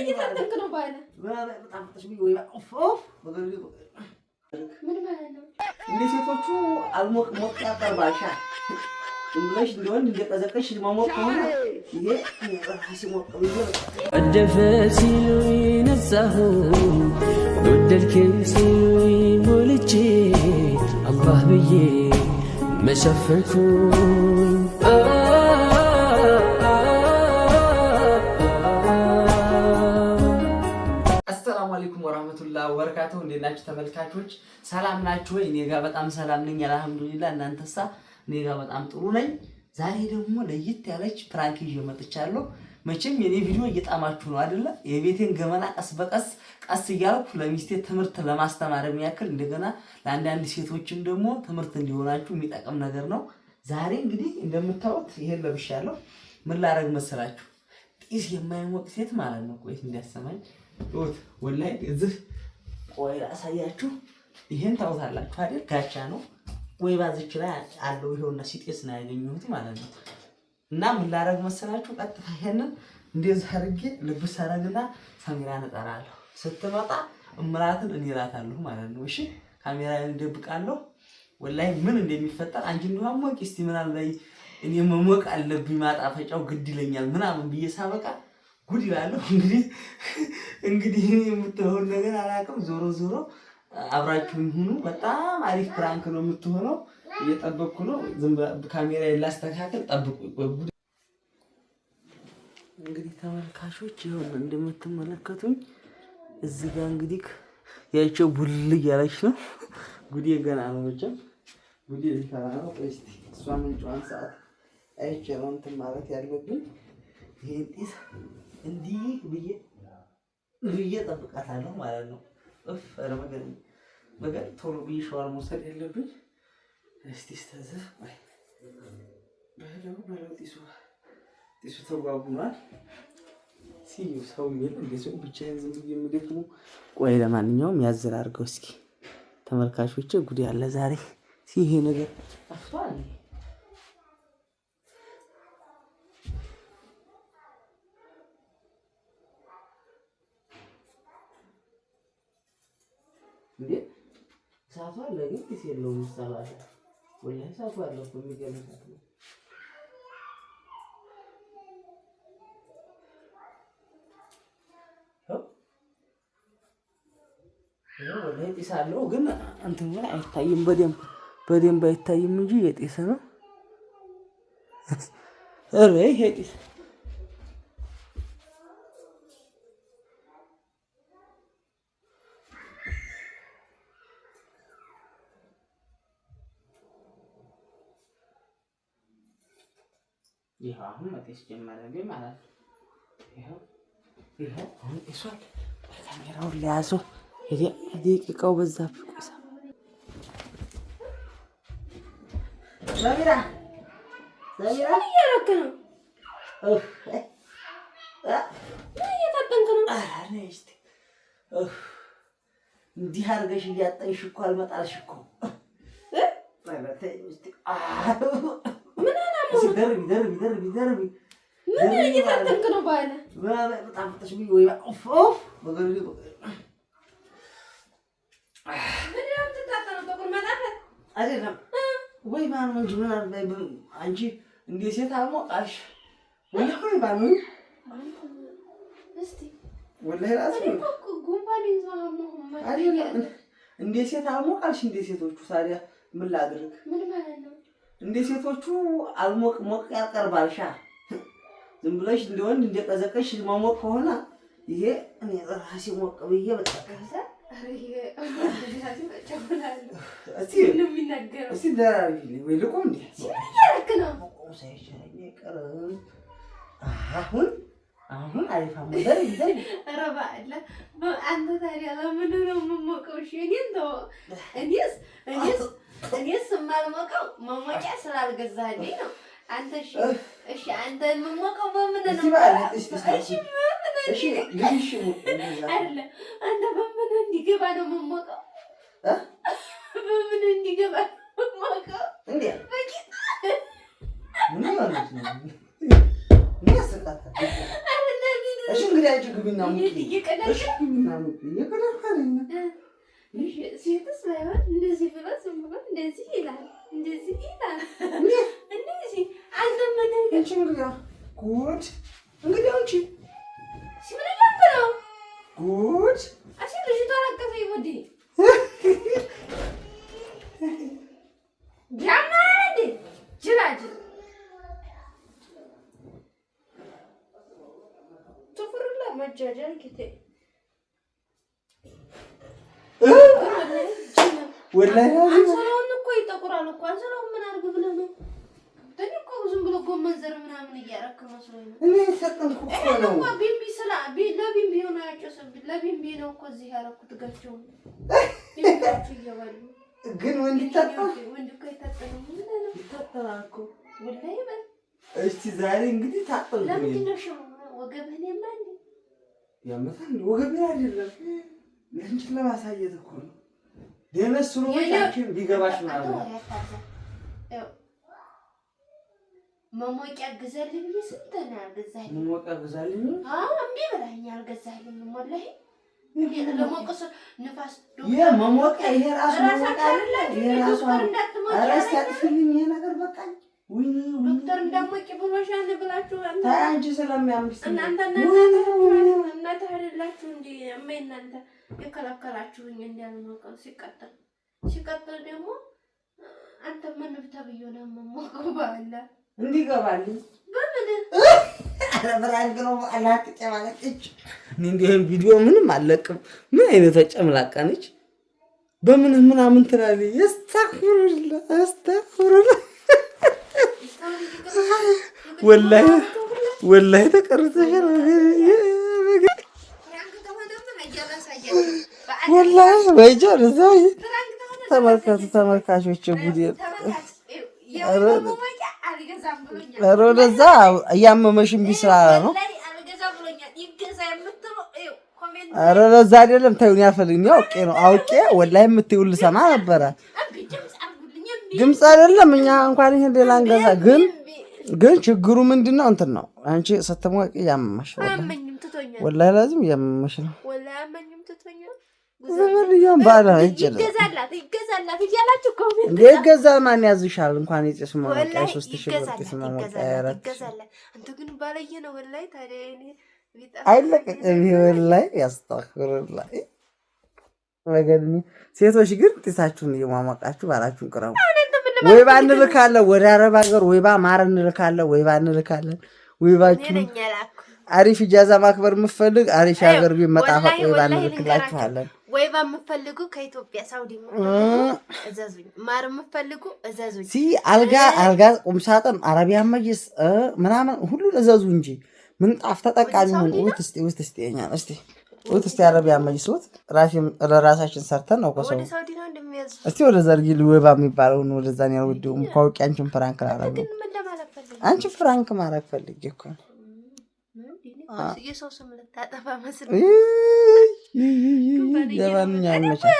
እየታጠብክ ነው ባለ እንደ ሴቶቹ አልሞቅ ሞቅ ያቀርባሻል ብለሽ እንደወንድ እንደቀዘቀሽ መሞቅ ከሆነ ይሄ ሲሞቅ ቀደፈ ሲሉኝ ነጻሁ ወደድከኝ ሲሉኝ ሞልቼ አላህ ብዬ መሸፈንኩኝ ሰላም አለይኩም ወራህመቱላህ ወበረካቱሁ። እንዴት ናችሁ ተመልካቾች? ሰላም ናችሁ ወይ? እኔ ጋር በጣም ሰላም ነኝ አልሐምዱሊላህ። እናንተሳ? እኔ ጋር በጣም ጥሩ ነኝ። ዛሬ ደግሞ ለየት ያለች ፕራንክ ይዤ መጥቻለሁ። መቼም የኔ ቪዲዮ እየጣማችሁ ነው አይደለ? የቤቴን ገመና ቀስ በቀስ ቀስ እያልኩ ለሚስቴ ትምህርት ለማስተማር የሚያክል እንደገና ለአንዳንድ ሴቶችም ደግሞ ትምህርት እንዲሆናችሁ የሚጠቅም ነገር ነው። ዛሬ እንግዲህ እንደምታዩት ይሄን ለብሻለሁ። ምን ላደርግ መሰላችሁ? ጢስ የማይሞቅ ሴት ማለት ነው። ቆይት እንዲያሰማኝ ወላይ እዚህ ቆይ አሳያችሁ ይሄን ታውታላችሁ አይደል? ጋቻ ነው ወይ ባዝች ላይ አለው ይሄውና፣ ሲጤስ ነው ያገኘሁት ማለት ነው። እና ምን ላረግ መሰላችሁ? ቀጥታ ይሄንን እንደዚህ አድርጌ ልብስ አረግና ካሜራን እጠራለሁ። ስትመጣ እምራትን እኔ እላታለሁ ማለት ነው። እሺ ካሜራን እንደብቃለሁ። ወላይ ምን እንደሚፈጠር አንቺ እንዲሁ አሞቂ እስቲ ምናምን እኔ መሞቅ አለብኝ ማጣፈጫው ግድ ይለኛል ምናምን ብዬ ሳበቃ ጉድ ይላለሁ። እንግዲህ እንግዲህ የምትሆን ነገር አላውቅም። ዞሮ ዞሮ አብራችሁኝ ሁኑ። በጣም አሪፍ ፕራንክ ነው የምትሆነው። እየጠበቅኩ ነው። ዝም ካሜራ ላስተካከል፣ ጠብቁ። እንግዲህ ተመልካቾች ይሁን እንደምትመለከቱኝ እዚህ ጋር እንግዲህ ያቸው ቡል እያለች ነው። ጉዴ ገና ነው ብቻ ጉዴ ሊፈራ ነው። እስቲ እሷ ምንጫዋን ሰዓት አይቼ ነው እንትን ማለት ያለብኝ ይሄን ጢስ እንዲህ ብዬ ብዬ ጠብቃታለሁ ማለት ነው። እፍ ኧረ መገን መገን ቶሎ ብዬ ሸዋር መውሰድ ያለብኝ እስቲ ስተዝፍ በለው በለው ጢሱ ጢሱ ተጓጉኗል። ሲዩ ሰው የሚል እንደዚሁ ብቻዬን ዝም ብዬ የምደክሙ ቆይ፣ ለማንኛውም ያዘር አድርገው እስኪ ተመልካቾች፣ ጉድ ያለ ዛሬ ይሄ ነገር አፍቷል። እንዴ እሳቱ አለ፣ ግን ኪስ የለውም። እሳቱ አለ፣ ወላሂ እሳቱ አለ እኮ የሚገርም እሳት ነው። ጢስ አለው፣ ግን እንትን ግን አይታይም፣ በደንብ በደንብ አይታይም እንጂ የጢስ ነው። ኧረ ይሄ ጢስ ይኸው አሁን መጤስ ጀመረልኝ ማለት ነው። ይኸው ካሜራውን ለያዙ ደቂቃው በዛ ፍቁሳ እንዲህ አድርገሽ እያጠንሽ እኮ አልመጣልሽ እኮ ደርቢ ደርቢ ደርቢ ደርቢ አይደለም እንደ ሴት አሞቃልሽ እንደ ሴቶቹ ታዲያ ምን ላድርግ ምን ማለት እንደ ሴቶቹ አልሞቅ ሞቅ ያቀርባልሻ ሻ ዝም ብለሽ እንደ ወንድ እንደቀዘቀሽ መሞቅ ከሆነ ይሄ እኔ ራሴ ሞቅ ብዬ አሁን አሁን አሪፋ ሞተር ይዘን ረባለ አንተ ታዲያ ለምን ነው የምሞቀው? እሺ እኔን ተወው። እኔስ እኔስ እኔ ስማልሞቀው መሞቂያ ስላልገዛልኝ ነው። አንተ እሺ፣ እሺ፣ አንተ የምሞቀው በምን ነው? በምን እንዲገባ ነው የምሞቀው? በምን እንዲገባ የምሞቀው? ሴትስ ላይሆን እንደዚህ ይላል፣ እንደዚህ ይላል። እንደዚህ ጉድ እንግዲህ አንቺ ጉድ ልጅቷ አላቀፈ ወዴ ወላሂ እኮ አንስለው ምን አድርግ ብለህ ነው? ተኝ እኮ ዝም ብሎ ጎመን ዘር ምናምን እያረክ መስሎኝ ነው። ለቢምቢ ነው እኮ እዚህ ግን ወንድ ወንድ እኮ እኮ ወላሂ በል ዛሬ እንግዲህ ለምንድን ነው ወገብህን ያመታል አይደለም ለማሳየት እኮ ነው የነሱ ነው ያቺን ቢገባሽ ማለት ነው። መሞቂያ ግዛልኝ ስንት ነው ያልገዛልኝ? መሞቂያ ግዛልኝ። አዎ እምቢ ብላኝ አልገዛልኝም። ወላሂ ለሞቀስ ንፋስ የመሞቂያ ይሄ ራሱ ነገር በቃኝ። ዶክተር እንዳትሞቂ ብሎሻል ብላችሁ የከለከላችሁኝ እንዳልሞቀው ሲቀጥል ሲቀጥል ደግሞ አንተ ምን ተብዬ ነው የምሞቀው? ባለ እንዲገባልኝ በምን ብራንድ ነው አላጥቄ ማለት እንዲህን ቪዲዮ ምንም አለቅም። ምን አይነት ተጨምላቃ ነች። በምን ምናምን ትላለች። ያስተፍሩላ ያስተፍሩላ ወላሂ ወላሂ ተቀርጸሽ ነው ወላሂ በይጃን እዛ ተመልከቱ ተመልካቾች፣ ጉዴን ወደዛ እያመመሽ እምቢ ስላለ ነው። ኧረ ለዛ አይደለም ተይውን ያፈልግኝ አውቄ ነው አውቄ ወላሂ የምትይውን ልሰማ ነበረ። ድምፅ አይደለም እኛ እንኳን ይሄን ሌላ እንገዛ ግን ግን ችግሩ ምንድን ነው? እንትን ነው አንቺ ስትሞቂ እያመመሽ ወላሂ ላዚም እያመመሽ ነው ዝምርያም ባላ ይገዛላት ይገዛላት እያላችሁ ኮሜንት ይገዛ ማን ያዝሻል? እንኳን የጭስ ማሞቂያ ሶስት ሺ ብር ጭስ ማሞቂያ ያራት አንተ ግን ባለየ ነው ያስተክርላ ወገድኒ ሴቶች ግን ጢሳችሁን እየሟሟቃችሁ ባላችሁን ቅረቡ። ወይባ እንልካለን ወደ አረብ ሀገር ወይባ ማር እንልካለን ወይባ እንልካለን ወይባችሁ አሪፍ ኢጃዛ ማክበር የምፈልግ አሪፍ ሀገር ቢመጣፈቅ ወይባ እንልክላችኋለን። አይባ የምፈልጉ ከኢትዮጵያ ሳውዲ እዘዙኝ። ማር የምፈልጉ እዘዙኝ። ሲ አልጋ አልጋ፣ ቁምሳጥን፣ አረቢያ መጅስ ምናምን ሁሉን እዘዙ እንጂ ምንጣፍ ተጠቃሚ ሆን ውት ስ ውት ስ ኛል ስ ውት ስ አረቢያን መጅስ ውት ለራሳችን ሰርተን ነው ኮሰ እስቲ ወደ ዘርጊ ልዌባ የሚባለውን ወደዛን ያልወደውም ከውቂ አንቺን ፍራንክ ላረግ አንቺ ፍራንክ ማድረግ ፈልጌ እኮ ነው። የሰው ስም ልታጠፋ መስል Gubben är Det var en jävla tjej.